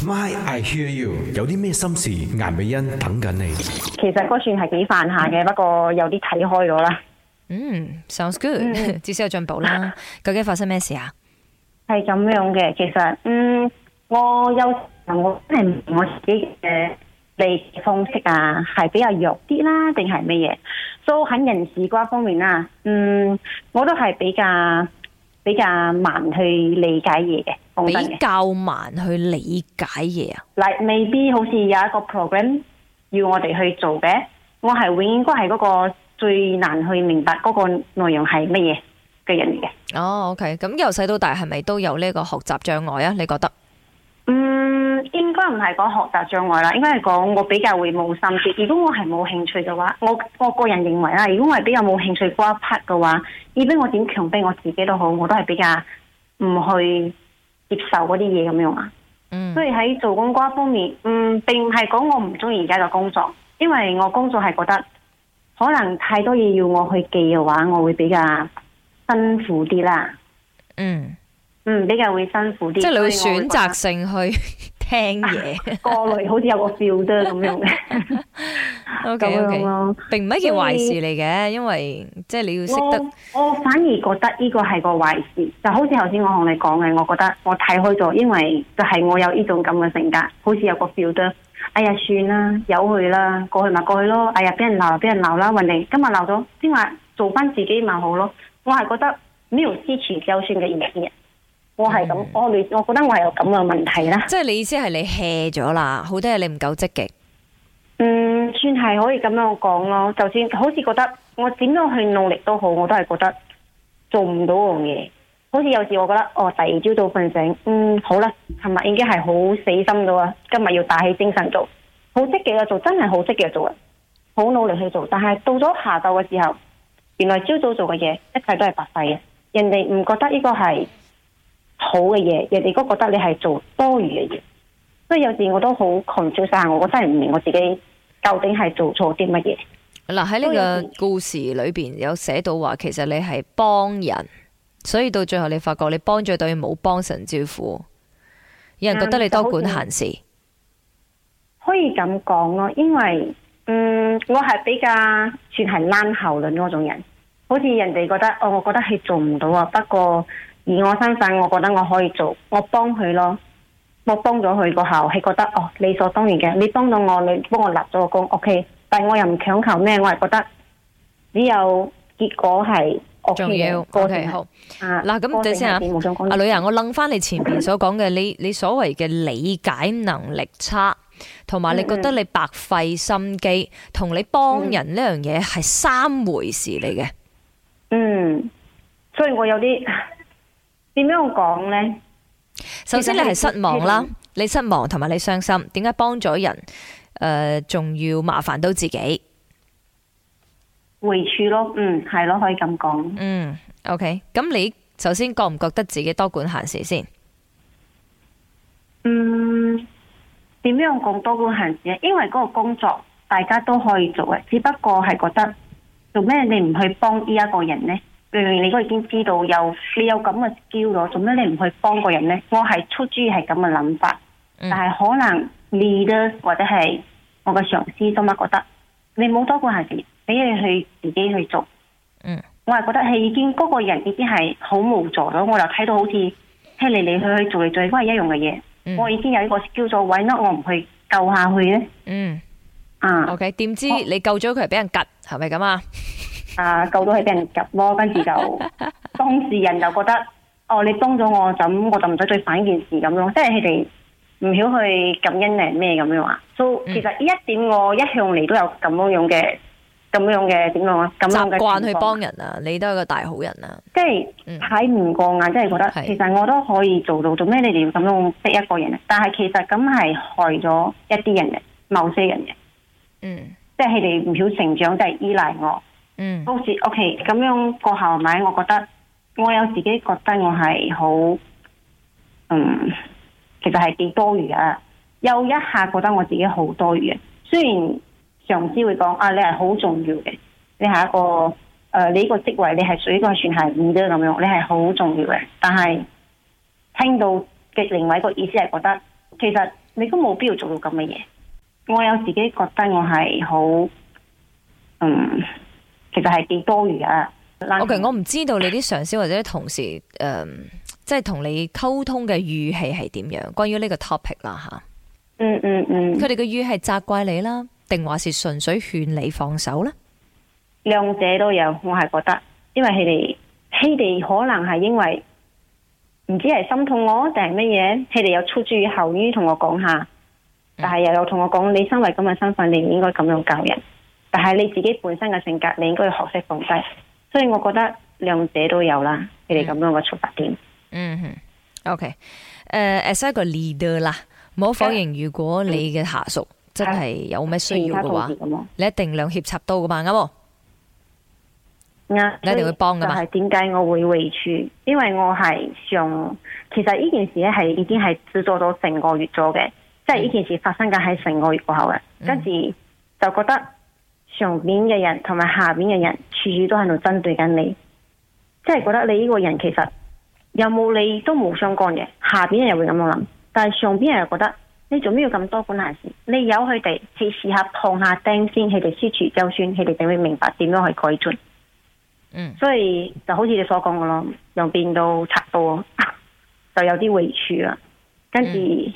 My, I hear you。有啲咩心事？顏美恩等緊你。其實嗰算係幾煩下嘅，不過有啲睇開咗啦。嗯、mm,，sounds good，、mm. 至少有進步啦。究竟發生咩事啊？係咁樣嘅，其實，嗯，我有我係我自己嘅嚟方式啊，係比較弱啲啦，定係咩嘢？所以喺人事嗰方面啊，嗯，我都係比較。比較難去理解嘢嘅，的比較難去理解嘢啊！嗱，未必好似有一個 program 要我哋去做嘅，我係會應該係嗰個最難去明白嗰個內容係乜嘢嘅人嚟嘅。哦、oh,，OK，咁由細到大係咪都有呢個學習障礙啊？你覺得？嗯。應該唔係講學習障礙啦，應該係講我比較會冇心機。如果我係冇興趣嘅話，我我個人認為啦，如果我係比較冇興趣嗰一 part 嘅話，以家我點強迫我自己都好，我都係比較唔去接受嗰啲嘢咁樣啊。嗯，所以喺做工嗰方面，嗯，並唔係講我唔中意而家嘅工作，因為我工作係覺得可能太多嘢要我去記嘅話，我會比較辛苦啲啦。嗯嗯，比較會辛苦啲。即係你會選擇性去我會。 聽嘢，過嚟好似有個 feel 啫咁樣嘅，都咁樣咯，並唔係一件壞事嚟嘅，因為即係你要識得。我反而覺得呢個係個壞事，就好似頭先我同你講嘅，我覺得我睇開咗，因為就係我有呢種咁嘅性格，好似有個 feel 哎呀，算啦，由佢啦，過去咪過去咯。哎呀，俾人鬧就俾人鬧啦，或你，今日鬧咗，先話做翻自己咪好咯。我係覺得呢個支持就算嘅意思我係咁，我未、嗯，我覺得我係有咁嘅問題啦。即係你意思係你 hea 咗啦，好多嘢你唔夠積極。嗯，算係可以咁樣講咯。就算好似覺得我點樣去努力都好，我都係覺得做唔到樣嘢。好似有時我覺得，哦，第二朝早瞓醒，嗯，好啦，琴日已經係好死心到啦。今日要打起精神做，好積極啊，做真係好積極啊，做啊，好努力去做。但係到咗下晝嘅時候，原來朝早做嘅嘢，一切都係白費嘅。人哋唔覺得呢個係。好嘅嘢，人哋都覺得你係做多餘嘅嘢，所以有時我都好窮追晒，我真係唔明我自己究竟係做錯啲乜嘢。嗱，喺呢個故事裏邊有寫到話，其實你係幫人，所以到最後你發覺你幫咗對冇幫神招呼。有人覺得你多管閒事，嗯、可以咁講咯。因為嗯，我係比較算係懶後輪嗰種人，好似人哋覺得哦，我覺得係做唔到啊，不過。以我身份，我覺得我可以做，我幫佢咯。我幫咗佢個後，係覺得哦，理所當然嘅。你幫到我，你幫我立咗個功，O K。OK，但係我又唔強求咩，我係覺得只有結果係 O K。O K 要好嗱，咁第先啊，阿、啊、女人，我諗翻你前邊所講嘅，你 OK 你所謂嘅理解能力差，同埋你覺得你白費心機，同你幫人呢樣嘢係三回事嚟嘅、嗯。嗯，所以我有啲。點樣講呢？首先你係失望啦，其實你失望同埋你傷心。點解幫咗人誒，仲、呃、要麻煩到自己？回處咯，嗯，係咯，可以咁講。嗯，OK。咁你首先覺唔覺得自己多管閒事先？嗯，點樣講多管閒事呢？因為嗰個工作大家都可以做嘅，只不過係覺得做咩你唔去幫呢一個人呢？明明你都已經知道，又你有咁嘅驕傲，做咩你唔去幫個人呢？我係出於係咁嘅諗法，嗯、但係可能你都，或者係我嘅上司，都解覺得你冇多過行事，俾你去自己去做？嗯，我係覺得係已經嗰、嗰個人已經係好無助咯，我又睇到好似係嚟嚟去去做嚟做去都係一樣嘅嘢。嗯、我已經有呢個叫咗位呢，我唔去救下去呢？嗯，啊，OK，點知我你救咗佢俾人吉，係咪咁啊？啊， 救到係俾人夾咯，跟住就當事人就覺得 哦，你幫咗我，咁我就唔使再反件事咁咯。即係佢哋唔曉去感恩定咩咁樣話？都、so, 其實呢一點我一向嚟都有咁樣的這樣嘅，咁樣的這樣嘅點樣話？習慣去幫人啊，你都係個大好人啊！即係睇唔過眼，嗯、即係覺得其實我都可以做到，做咩的你哋要咁樣逼一個人？但係其實咁係害咗一啲人嘅，某些人嘅，人，嗯，即係佢哋唔曉成長，即、就、係、是、依賴我。嗯，好 OK，咁樣過後咪，我覺得我有自己覺得我係好，嗯，其實係幾多餘啊。又一下覺得我自己好多餘嘅，雖然上司會講啊，你係好重要嘅，你係一個誒，你呢個職位你係屬於個算係五嘅，咁樣，你係好重要嘅。但係聽到嘅另外一個意思係覺得，其實你都冇必要做到咁嘅嘢。我有自己覺得我係好，嗯。其實係幾多餘啊！Okay, 我其實我唔知道你啲上司或者同事，誒、呃，即係同你溝通嘅語氣係點樣？關於呢個 topic 啦，吓、嗯，嗯嗯嗯，佢哋嘅語氣係責怪你啦，定話是純粹勸你放手咧？兩者都有，我係覺得，因為佢哋，佢哋可能係因為唔知係心痛、啊、是我定係乜嘢，佢哋有出諸後於同我講下，嗯、但係又有同我講，你身為咁嘅身份，你唔應該咁樣教人。但係你自己本身嘅性格，你應該要學識放低。所以我覺得兩者都有啦，你哋咁樣嘅出發點。嗯，OK、uh, leader, 然。誒，作為一個 leader 啦，唔好否認，如果你嘅下屬真係有咩需要嘅話，有有你一定量脅插到嘅嘛，啱、嗯啊？你一定會幫嘅嘛？係點解我會委屈？因為我係想，其實呢件事咧係已經係做咗成個月咗嘅，嗯、即係呢件事發生緊喺成個月過後嘅，嗯、跟住就覺得。上面嘅人同埋下面嘅人，處處都喺度針對緊你，即係覺得你呢個人其實有冇你都冇相干嘅。下邊人又會咁樣諗，但係上邊人又覺得你做咩要咁多管閒事？你由佢哋去試下碰下釘先，佢哋輸住就算，佢哋定會明白點樣去改進。嗯，所以就好似你所講嘅咯，由變到插刀，啊，就有啲委屈啦。跟住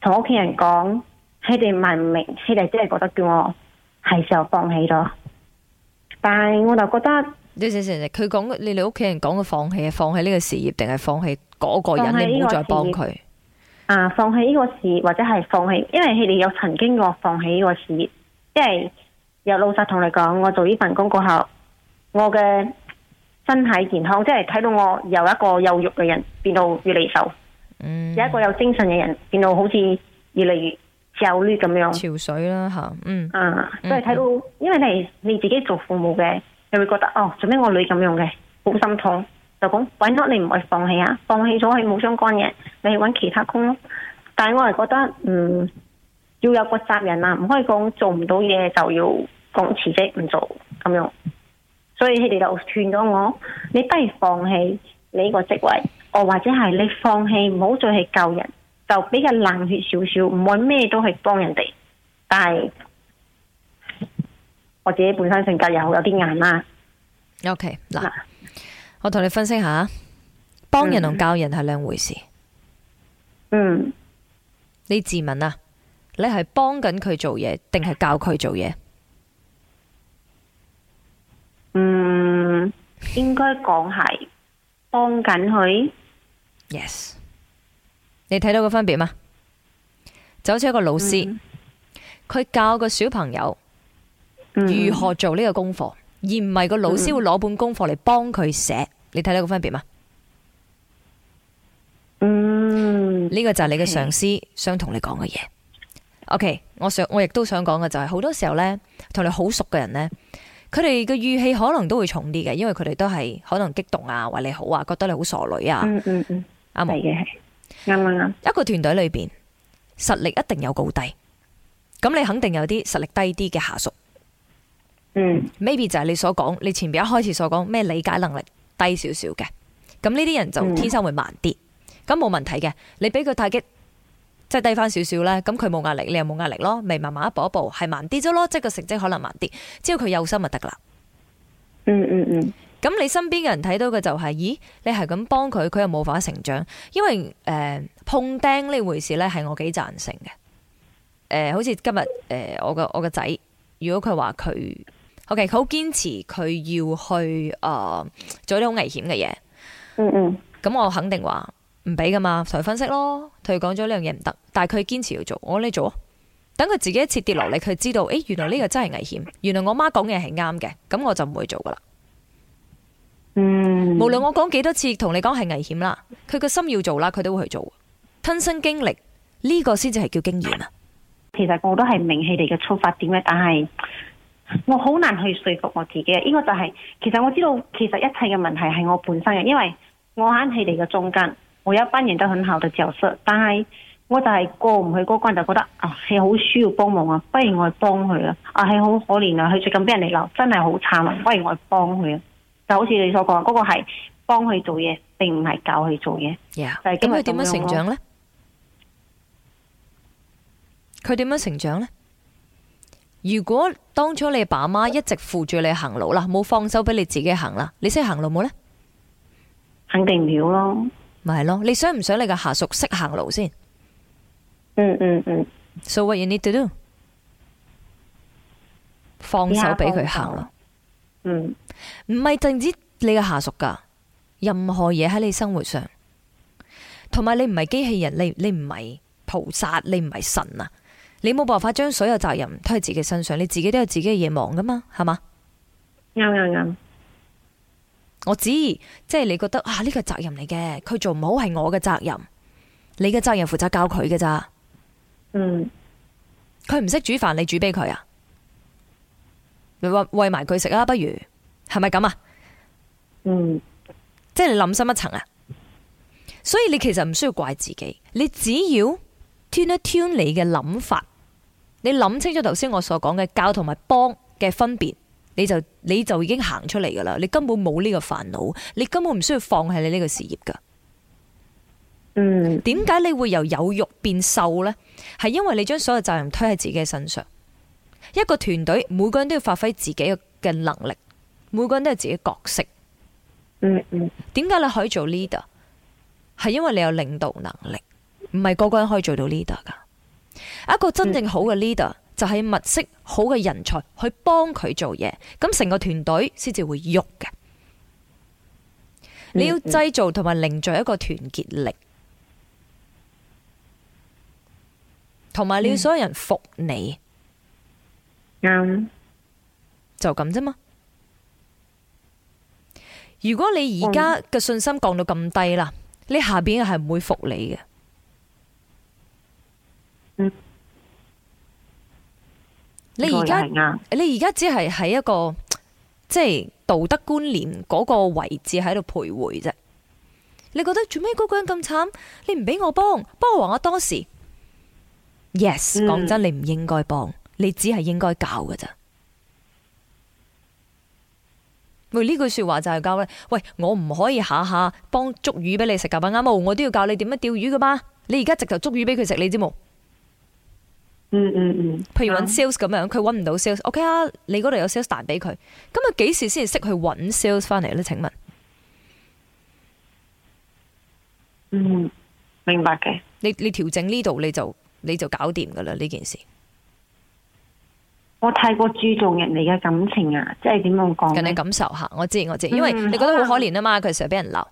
同屋企人講，佢哋唔係唔明，佢哋真係覺得叫我。係時候放棄咗，但係我就覺得，行行行你成成，佢講你哋屋企人講嘅放棄，放棄呢個事業，定係放棄嗰個人，個你唔再幫佢？啊，放棄呢個事業，或者係放棄，因為佢哋有曾經我放棄呢個事業，因為有老實同你講，我做呢份工過後，我嘅身體健康，即係睇到我由一個有肉嘅人變到越嚟越瘦，嗯，有一個有精神嘅人變到好似越嚟越，焦慮咁樣，潮水啦吓，嗯，啊，都係睇到，因為你你自己做父母嘅，嗯嗯、你會覺得哦，做咩我女咁樣嘅，好心痛，就咁，搵咗你唔係放棄啊，放棄咗係冇相干嘅，你去搵其他工咯。但係我係覺得，嗯，要有個責任啊，唔可以講做唔到嘢就要講辭職唔做咁樣，所以佢哋就勸咗我，你不如放棄你呢個職位，哦，或者係你放棄，唔好再去救人。就比較冷血少少，唔會咩都係幫人哋，但係我自己本身性格又有啲硬啦、啊。OK 嗱喏，嗯、我同你分析下，幫人同教人係兩回事。嗯，你自問啊，你係幫緊佢做嘢定係教佢做嘢？嗯，應該講係幫緊佢。Yes。你睇到個分別嗎？就好似一個老師，佢、嗯、教個小朋友如何做呢個功課，嗯、而唔係個老師會攞本功課嚟幫佢寫。嗯、你睇到個分別嗎？嗯，呢個就係你嘅上司想同你講嘅嘢。Okay, OK，我想我亦都想講嘅就係、是、好多時候呢，同你好熟嘅人呢，佢哋嘅語氣可能都會重啲嘅，因為佢哋都係可能激動啊，為你好啊，覺得你好傻女啊。嗯嗯嗯，啱係嘅係。嗯嗎啱啱，一個團隊裏邊實力一定有高低，咁你肯定有啲實力低啲嘅下屬，嗯，maybe 就係你所講，你前面一開始所講咩理解能力低少少嘅，咁呢啲人就天生會慢啲，咁冇、嗯、問題嘅，你俾佢太激，即係低翻少少啦。咁佢冇壓力，你又冇壓力咯，咪慢慢一步一步係慢啲咗咯，即係個成績可能慢啲，只要佢有心就得啦、嗯，嗯嗯嗯。咁你身邊嘅人睇到嘅就係、是，咦？你係咁幫佢，佢又冇法成長。因為誒、呃、碰釘呢回事咧，係我幾贊成嘅。誒，好似今日誒、呃，我個我個仔，如果佢話佢 OK，佢好堅持佢要去誒、呃、做啲好危險嘅嘢。嗯嗯。咁我肯定話唔俾噶嘛，同佢分析咯，同佢講咗呢樣嘢唔得，但係佢堅持要做，我話你做，等佢自己一次跌落嚟，佢知道誒、欸，原來呢個真係危險，原來我媽講嘅係啱嘅，咁我就唔會做噶啦。嗯，無論我講幾多次同你講係危險啦，佢個心要做啦，佢都會去做，親身經歷呢、這個先至係叫經驗啊。其實我都係明佢哋嘅出發點嘅，但係我好難去說服我自己。呢個就係、是、其實我知道，其實一切嘅問題係我本身嘅，因為我喺佢哋嘅中間，我有一班人都很好嘅教室，但係我就係過唔去嗰關，就覺得啊，佢好需要幫忙啊，不如我去幫佢啊，啊，佢好可憐啊，佢最近俾人哋鬧，真係好慘啊，不如我去幫佢啊。就好似你所講，嗰個係幫佢做嘢，並唔係教佢做嘢。係咁佢點樣成長呢？佢點樣成長呢？如果當初你爸媽一直扶住你行路啦，冇放手俾你自己行啦，你識行路冇呢？肯定唔曉咯，咪係咯？你想唔想你嘅下屬識行路先？嗯嗯嗯。So what you need to do？放手俾佢行啦。嗯。唔係淨止你嘅下屬噶，任何嘢,喺你生活上，同埋你唔係機器人，你你唔係菩薩，你唔係神啊，你冇辦法將所有責任推喺自己身上，你自己都有自己嘅嘢忙噶嘛，係嘛？有有有，我指，即係你覺得啊，呢個責任嚟嘅，佢做唔好係我嘅責任，你嘅責任負責教佢嘅咋？嗯，佢唔識煮飯，你煮俾佢啊？你餵餵埋佢食啊？不如？係咪咁啊？是是嗯，即係你諗深一層啊。所以你其實唔需要怪自己，你只要 tune tune 你嘅諗法，你諗清楚頭先我所講嘅教同埋幫嘅分別，你就你就已經行出嚟噶啦。你根本冇呢個煩惱，你根本唔需要放棄你呢個事業噶。嗯，點解你會由有肉變瘦呢？係因為你將所有責任推喺自己嘅身上。一個團隊每個人都要發揮自己嘅能力。每個人都係自己角色。嗯嗯。點、嗯、解你可以做 leader？係因為你有領導能力，唔係個個人可以做到 leader 噶。嗯、一個真正好嘅 leader 就係物色好嘅人才去幫佢做嘢，咁成個團隊先至會喐嘅。嗯嗯、你要製造同埋凝聚一個團結力，同埋你要所有人服你，啱、嗯，就咁啫嘛。如果你而家嘅信心降到咁低啦，你下邊係唔會服你嘅。你而家你而家只係喺一個即係道德觀念嗰個位置喺度徘徊啫。你覺得做咩嗰個人咁慘？你唔俾我幫，幫我話我多事。Yes，講真，你唔應該幫，你只係應該教㗎咋。呢句說話就係教咧。喂，我唔可以下下幫捉魚俾你食，咁啱我都要教你點樣釣魚噶嘛。你而家直頭捉魚俾佢食，你知冇？嗯？嗯嗯嗯。譬如搵 sales 咁樣，佢搵唔到 sales，OK、嗯、OK 啊？你嗰度有 sales 彈俾佢，咁啊幾時先至識去搵 sales 翻嚟咧？請問？嗯，明白嘅。你你調整呢度，你就你就搞掂噶啦呢件事。我太過注重人哋嘅感情啊，即係點樣講？緊你感受下，我知我知，因為你覺得好可憐啊嘛，佢成日俾人鬧。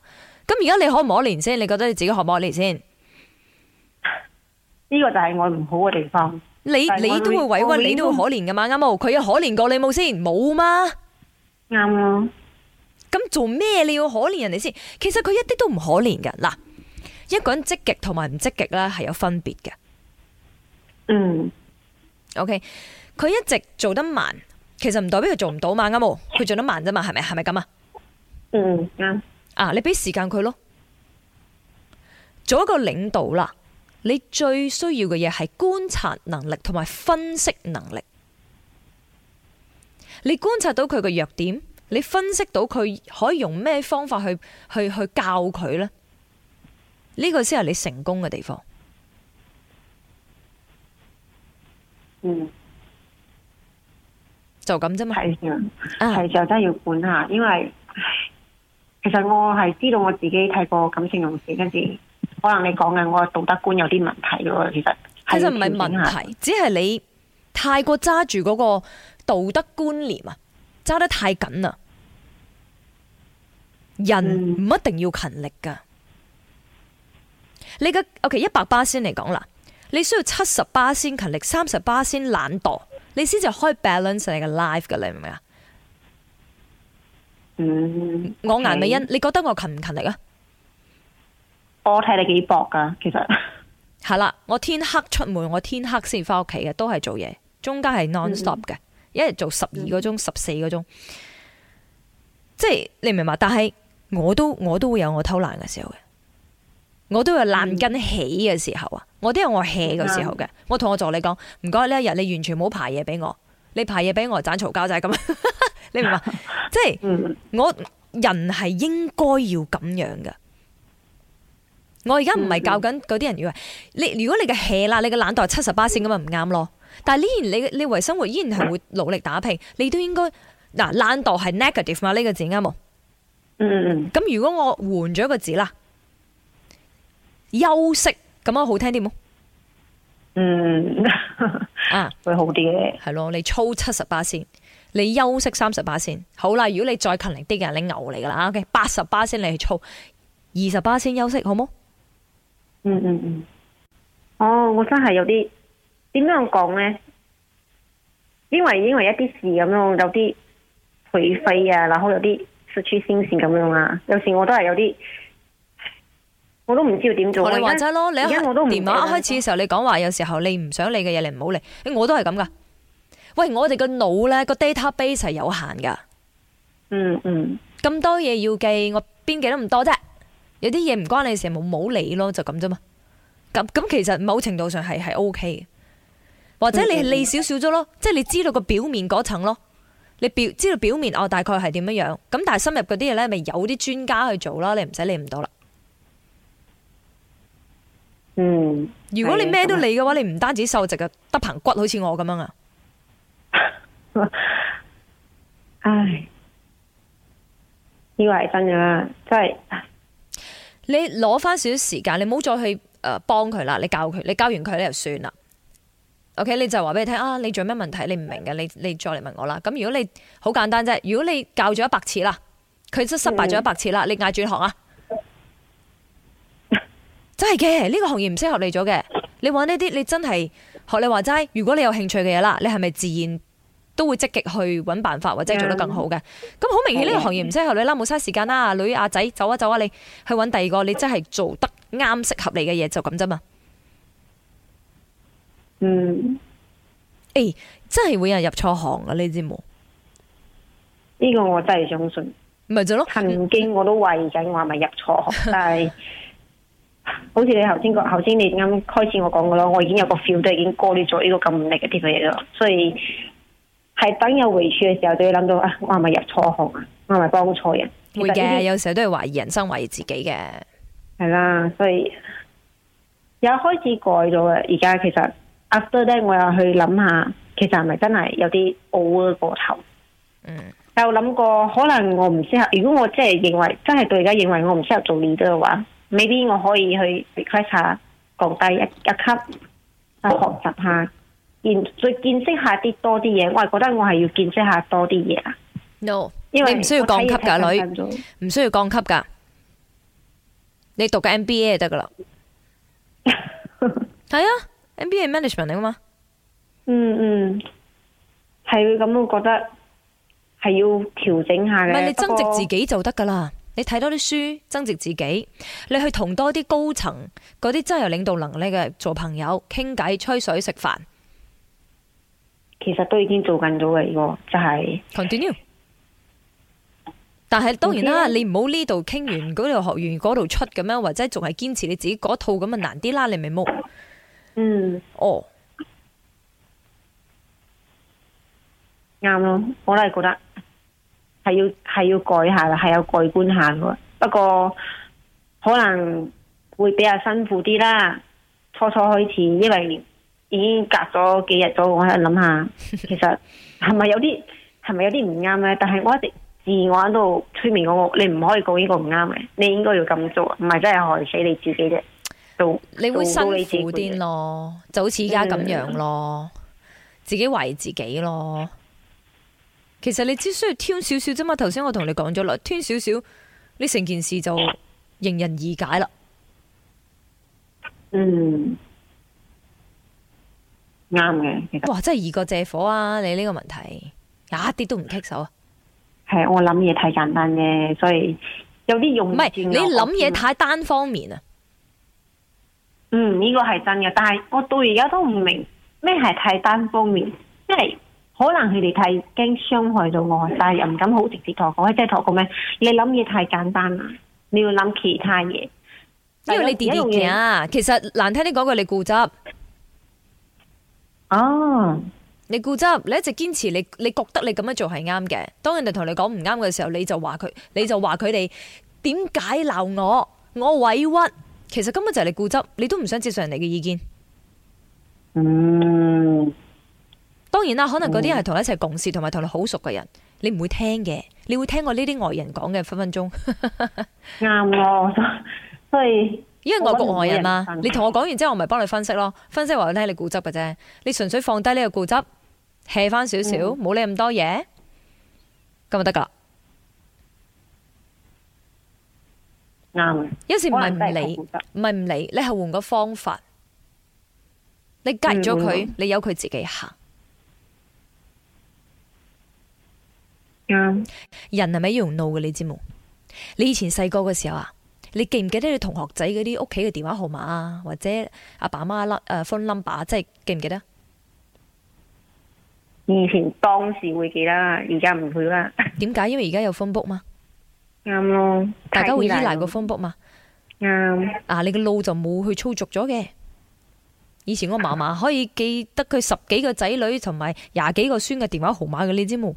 咁而家你可唔可憐先？你覺得你自己可唔可憐先？呢個就係我唔好嘅地方。你但我 你都會委屈，你都會可憐噶嘛？啱冇、嗯？佢有可憐過你冇先？冇嘛？啱咯、嗯。咁做咩你要可憐人哋先？其實佢一啲都唔可憐噶。嗱，一個人積極同埋唔積極咧，係有分別嘅。嗯。OK，佢一直做得慢，其實唔代表佢做唔到嘛，啱冇？佢做得慢啫嘛，係咪？係咪咁啊？嗯，啱。啊，你俾時間佢咯。做一個領導啦，你最需要嘅嘢係觀察能力同埋分析能力。你觀察到佢嘅弱點，你分析到佢可以用咩方法去去去教佢咧？呢個先係你成功嘅地方。嗯，就咁啫嘛，係就係就真係要管下，因為其實我係知道我自己睇過感情用事，跟住可能你講嘅我嘅道德觀有啲問題咯，其實其實唔係問題，只係你太過揸住嗰個道德觀念啊，揸得太緊啊！人唔一定要勤力噶，嗯、你嘅 OK 一百巴仙嚟講啦。.你需要七十巴仙勤力，三十巴仙懶惰，你先至開 balance 你嘅 life 嘅，你明唔明啊？Mm, okay. 我顏美欣，你覺得我勤唔勤力啊？我睇你幾薄噶，其實。係啦，我天黑出門，我天黑先翻屋企嘅，都係做嘢，中間係 non stop 嘅，mm hmm. 一日做十二個鐘、十四個鐘，即係你明唔明嘛？但係我都我都會有我偷懶嘅時候嘅。我都有爛根起嘅時候啊、嗯，我都有我 hea 嘅時候嘅。我同我助理講，唔該呢一日你完全冇排嘢俾我，你排嘢俾我就盞嘈交仔係咁。你明嘛？即係我人係應該要咁樣嘅。我而家唔係教緊嗰啲人以為你如果你嘅 hea 啦，你嘅懶惰係七十八先咁咪唔啱咯。但係依然你你為生活依然係會努力打拼，你都應該嗱懶惰係 negative 嘛？呢、這個字啱冇？嗯。咁如果我換咗個字啦？休息咁樣好聽啲冇？嗯，呵呵啊會好啲嘅，係咯。你操七十八先，你休息三十八先。好啦，如果你再勤力啲嘅，你牛嚟噶啦。O K，八十八先你去操，二十八先休息，好冇？嗯，嗯嗯嗯。哦，我真係有啲點樣講咧？因為因為一啲事咁樣，有啲頹廢啊，然後有啲失去信心咁樣啊，有時我都係有啲。我都唔知要點做，你話齋咯，你一電話一開始嘅時候，你講話有時候你唔想理嘅嘢，你唔好理。欸、我都係咁噶。喂，我哋、個腦咧個 data base 係有限噶、嗯。嗯嗯。咁多嘢要記，我邊記得咁多啫？有啲嘢唔關你的事，冇冇理咯，就咁啫嘛。咁咁，其實某程度上係係 ok 嘅。或者你係理少少咗咯，即係、嗯嗯、你知道個表面嗰層咯。你表知道表面我大概係點樣樣咁，但係深入嗰啲嘢咧，咪有啲專家去做啦，你唔使理唔到啦。嗯，如果你咩都理嘅話，嗯、你唔單止瘦直啊，得棚、嗯、骨好似我咁樣啊。唉，呢個係真噶，真係。你攞翻少少時間，你唔好再去誒幫佢啦，你教佢，你教完佢咧就算啦。OK，你就話俾你聽啊，你仲有咩問題你唔明嘅，你你，你再嚟問我啦。咁如果你好簡單啫，如果你教咗一百次啦，佢即失敗咗一百次啦，嗯嗯，你嗌轉行啊。真係嘅，呢、這個行業唔適合你做嘅。你玩呢啲，你真係學你話齋。如果你有興趣嘅嘢啦，你係咪自然都會積極去揾辦法，或者做得更好嘅？咁好 Yeah. 明顯呢個行業唔適合你啦，冇嘥時間啦，女阿仔走啊走啊，走啊，你去揾第二個，你真係做得啱適合你嘅嘢，就咁啫嘛。嗯，誒、欸，真係會有人入錯行噶、啊、你知冇？呢個我真係相信。咪就咯。曾經我都懷疑緊，我係咪入錯行？但係。好似你頭先講，頭先你啱開始我講嘅咯，我已經有個 feel 都已經過濾咗呢個咁力嘅啲嘢咯，所以係等有回轉嘅時候都要諗到啊，我係咪入錯行啊，我係咪幫錯人？會嘅的，有時候都係懷疑人生，懷疑自己嘅，係啦，所以有開始改咗嘅，而家其實 after that，我又去諗下，其實係咪真係有啲 over 過頭？嗯，有諗過，可能我唔適合。如果我真係認為，真係到而家認為我唔適合做 leader 嘅話。未必我可以去 research 下，降低一一級，去學習下，見再見識下啲多啲嘢。我係覺得我係要見識下多啲嘢啊。I I in no，因為一你唔需要降級噶，女，唔需要降級噶。你讀個 MBA 就得噶啦。係 啊，MBA management 嚟噶嘛？嗯嗯，係咁，我覺得係要調整下嘅。唔係你增值自己就得噶啦。你睇多啲書，增值自己。你去同多啲高層嗰啲真係有領導能力嘅做朋友傾偈吹水食飯，飯其實都已經做緊咗嘅。呢個就係 continue。但係當然啦，啊、你唔好呢度傾完嗰度學完嗰度出咁樣。或者仲係堅持你自己嗰套咁啊難啲啦，你明冇？嗯。哦、oh。啱囉，我都係覺得。係要係要改下啦，係要改觀下嘅。不過可能會比較辛苦啲啦，初初開始，因為已經隔咗幾日咗，我喺度諗下，其實係咪有啲係咪有啲唔啱咧？但係我一直自我喺度催眠我，那個，你唔可以講呢個唔啱嘅，你應該要咁做，唔係真係害死你自己啫。做你會辛苦啲咯，就好似而家咁樣咯，嗯、自己為自己咯。其實你只需要挑少少啫嘛，頭先我同你講咗啦，挑少少，你成件事就迎刃而解啦。嗯，啱嘅。哇，真係易過借火啊！你呢個問題，有一啲都唔棘手啊。係我諗嘢太簡單嘅，所以有啲用唔係你諗嘢太單方面啊。嗯，呢個係真嘅，但係我到而家都唔明咩係太單方面。可能佢哋太驚傷害到我，但係又唔敢好直接同我講，即係同我講咩？你諗嘢太簡單啦，你要諗其他嘢。因為你哋哋啊，其實難聽啲講句，你固執。哦，你固執，你一直堅持，你你覺得你咁樣做係啱嘅。當人哋同你講唔啱嘅時候，你就話佢，你就話佢哋點解鬧我？我委屈，其實根本就係你固執，你都唔想接受人哋嘅意見。嗯。當然啦，可能嗰啲係同你一齊共事，同埋同你好熟嘅人，你唔會聽嘅，你會聽我呢啲外人講嘅分分鐘。啱咯，因為外國外人嘛。嗯、你同我講完之後，我咪幫你分析咯，分析話咧你固執嘅啫。你純粹放低呢個固執，hea 翻少少，冇理咁多嘢，咁就得噶啦。啱、嗯。有時唔係唔理，唔係唔理，你係換個方法，你隔咗佢，嗯、你由佢自己行。人係咪要用腦嘅？你知冇？你以前細個嘅時候啊，你記唔記得你同學仔嗰啲屋企嘅電話號碼啊，或者阿爸媽 phone number 即係記唔記得？以前當時會記得啦，而家唔會啦。點解？因為而家有 phone book 嘛？啱咯，大家會依賴個 phone book 嘛？啱。 啊，你個腦就冇去操作咗嘅。以前我嫲嫲可以記得佢十幾個仔女同埋廿幾個孫嘅電話號碼嘅，你知冇？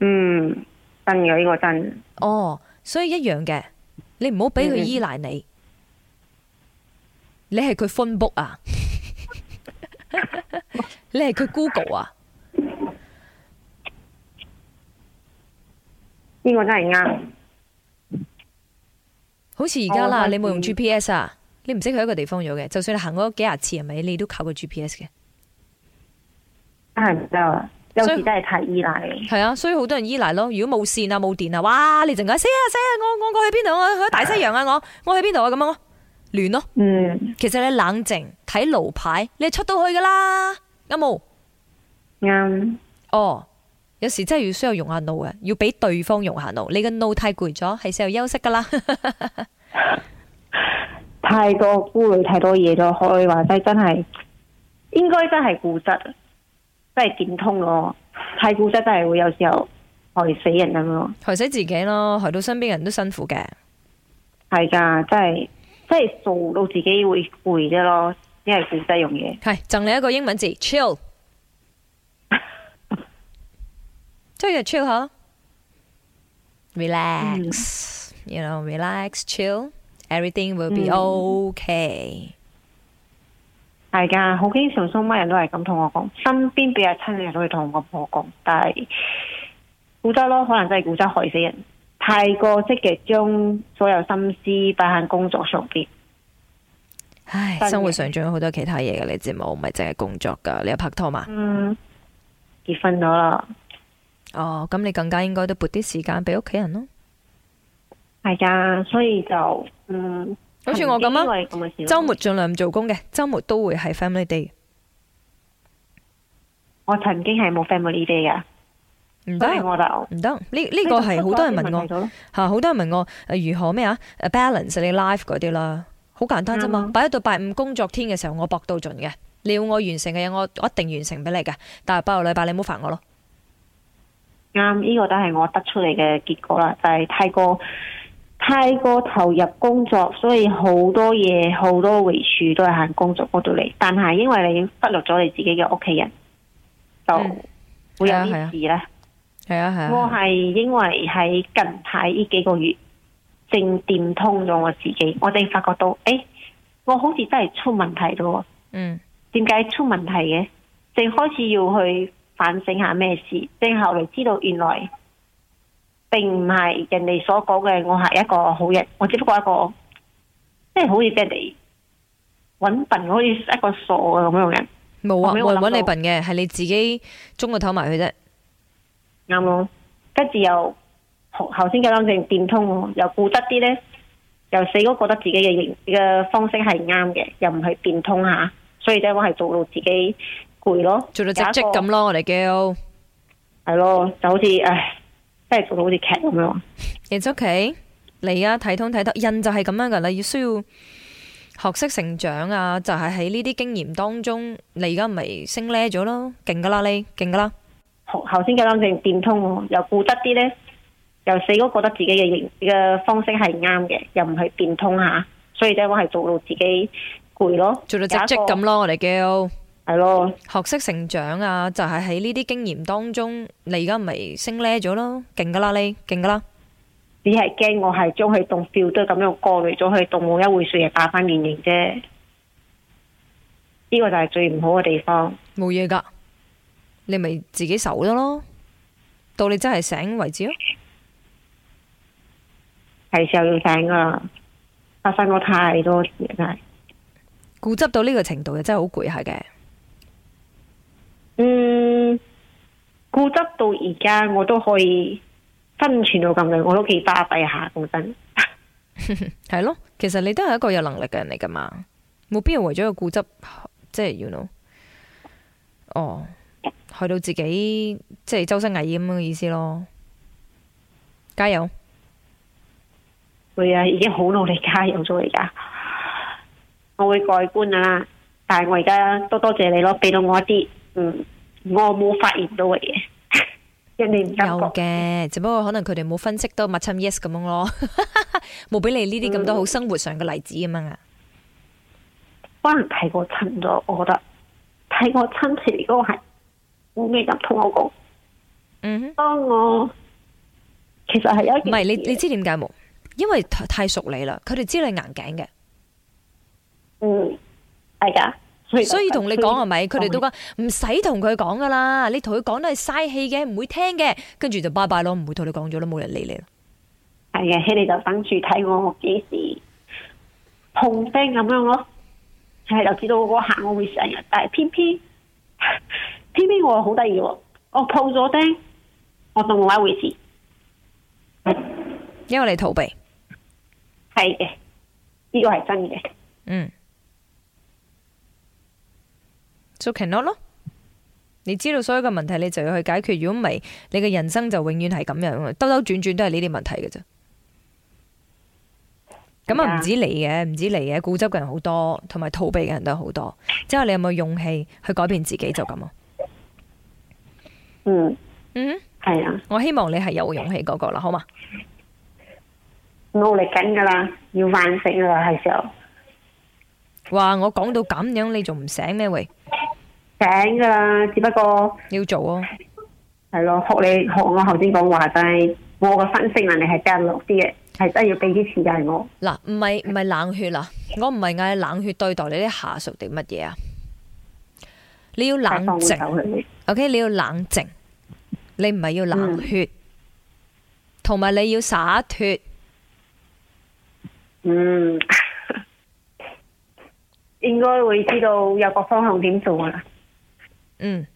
嗯，真嘅呢個真哦，所以一樣嘅，你唔好俾佢依賴你，嗯、你係佢 phonebook 啊，你係佢 Google 啊，呢個真係啱，好似而家啦，哦、你冇用 GPS 啊，噢你唔識去一個地方咗嘅，就算你行嗰幾廿次係咪，你都靠個 GPS 嘅，係唔得啊？知有時真係以太依賴，係啊，所以好多人依賴咯。如果冇線啊，冇電啊，哇！你陣間死啊死啊！我我我去邊度啊？我去大西洋啊！我我去邊度啊？咁樣咯，亂咯。嗯，其實你冷靜睇路牌，你出到去噶啦。阿冇？啱、嗯、哦。有時真係要需要用下腦啊，要俾對方用下腦。你嘅腦太攰咗，係時候休息噶啦 。太多顧慮太多嘢咗，可以話齋真係應該真係固執。真係點通咯，太固執真係會有時候害死人咁咯，害死自己咯，害到身邊人都辛苦嘅，係噶，真係真係做到自己會攰啫咯，啲係固執用嘢。係贈你一個英文字，chill，即係 chill 吓 relax you know，relax，chill，everything will be o、okay. k、mm hmm. 係噶，好經常，所有人都係咁同我講，身邊比較親嘅人都會同我講，但係古得咯，可能真係古得害死人，太過積極將所有心思擺喺工作上邊。唉，的生活上仲有好多其他嘢嘅，你知冇？唔係淨係工作噶，你有拍拖嘛？嗯，結婚咗啦。哦，咁你更加應該都撥啲時間俾屋企人咯。係噶，所以就嗯。好似我咁咯，周末盡量唔做工嘅，周末都會係 family day。我曾經係冇 family day 噶，唔得唔得，呢呢個係好多人問我，吓好多人問我誒、啊、如何咩啊？balance 你 life 嗰啲啦，好簡單啫嘛。拜一到拜五工作天嘅時候，我搏到盡嘅，你要我完成嘅嘢，我我一定完成俾你嘅。但係拜六禮拜你唔好煩我咯。啱、嗯，呢、這個都係我得出嚟嘅結果啦，就係、是、太過。太過投入工作，所以好多嘢好多回處都係行工作嗰度嚟。但係因為你忽略咗你自己嘅屋企人，就會有啲事呢。係啊係啊，我係因為喺近排呢幾個月正電通咗我自己，我正發覺到，誒、欸，我好似真係出問題咯。嗯，點解出問題嘅？正開始要去反省下咩事，正後嚟知道原來。並唔係人哋所講嘅，我係一個好人，我只不過係一個即係好似俾人哋揾笨，好似一個傻嘅咁樣嘅人。冇啊沒，我唔揾你笨嘅，係你自己中個頭埋去啫。啱咯，跟住又後先搞成變通，又固執啲咧，又死都覺得自己嘅嘅方式係啱嘅，又唔係變通吓，所以即係話係做到自己攰咯，做到積積咁咯，我哋叫係咯，就好似唉。即係做到好似劇咁樣，It's okay 嚟啊，睇通睇得，印就係咁樣噶啦，要需要學識成長啊，就係喺呢啲經驗當中，你而家唔升叻咗咯，勁噶啦你，勁噶啦，學後先嘅諗正變通，又固得啲咧，又死都覺得自己嘅形嘅方式係啱嘅，又唔去變通吓，所以即我話係做到自己攰咯，做到積積咁咯，我哋叫。係咯，學識成長啊，就係喺呢啲經驗當中。你而家唔係升呢咗咯，勁噶啦你，勁噶啦。你係驚我係將佢當 feel 都咁樣過濾咗，佢當冇一回事，又打返原形啫。呢個就係最唔好嘅地方。冇嘢噶，你咪自己受咗咯。到你真係醒為止咯。係時候要醒噶啦！發生過太多事，真係固執到呢個程度，又真係好攰下嘅。嗯，固執到而家，我都可以生存到咁樣，我都幾巴閉下講真。係 咯， 其實你都係一個有能力嘅人嚟噶嘛，冇必要為咗個固執，即係，you know，哦、oh，去到自己即係周身危險咁嘅意思咯。 加油！會啊，已經好努力加油咗而家。我會改觀啦，但係我而家多多謝你咯，俾到我一啲。嗯，我冇發現到嘅嘢，人有嘅，只不過可能佢哋冇分析到密切 yes 咁樣咯，冇俾你呢啲咁多好生活上嘅例子咁樣啊。可、嗯、能睇過親咗，我覺得睇過親戚嗰個係冇咩敢同我講。嗯哼，當我其實係有一件唔係你，你知點解冇？因為太熟你啦，佢哋知你硬頸嘅。嗯，係噶。所以同你講係咪？佢哋都講唔使同佢講噶啦，你同佢講都係嘥氣嘅，唔會聽嘅。跟住就拜拜咯，唔會同你講咗咯，冇人理你啦。係嘅，你就等住睇我幾時碰釘咁樣咯。係就知道嗰下我會成日，但係偏偏偏偏我好得意喎，我碰咗釘，我仲冇一回事，因為你逃避。係嘅，呢個係真嘅，嗯。做開咗咯，你知道所有嘅問題，你就要去解決。如果唔係，你嘅人生就永遠係咁樣，兜兜轉轉都係呢啲問題嘅啫。咁啊的，唔止嚟嘅，唔止嚟嘅，固執嘅人好多，同埋逃避嘅人都係好多。之後你有冇勇氣去改變自己就咁啊？嗯嗯，係啊、嗯。的我希望你係有勇氣嗰個啦，好嘛？努力緊噶啦，要飯食啊，係時候。話我講到咁樣，你仲唔醒咩？喂，醒噶啦，只不過要做哦，係咯，學你學我頭先講話，但係我嘅分析能力係低落啲嘅，係真係要俾啲時間我。嗱，唔係唔係冷血啦，我唔係嗌冷血對待你啲下屬定乜嘢啊？你要冷靜，OK，你要冷靜，你唔係要冷血，同埋你要灑脫，嗯。應該會知道有個方向點做噶啦，嗯，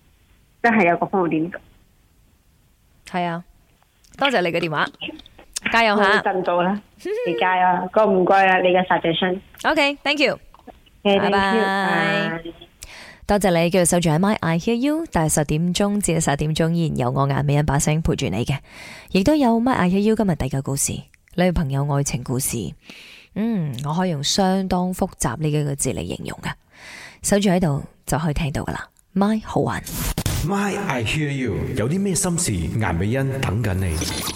真係有個方向點做，係啊，多謝你嘅電話，加油吓，振做啦，你加油，該唔該啊？你嘅 Saturday，OK，Thank you，拜拜，多謝你繼續守住 my I hear you，但係十點鐘至到十點鐘依然有我眼尾一把聲陪住你嘅，亦都有 my I hear you 今日第二個故事，你女朋友愛情故事。嗯，我可以用相當複雜呢幾個字嚟形容噶，守住喺度就可以聽到噶啦，MY 好玩，MY I Hear U，有啲咩心事，顏美恩等緊你。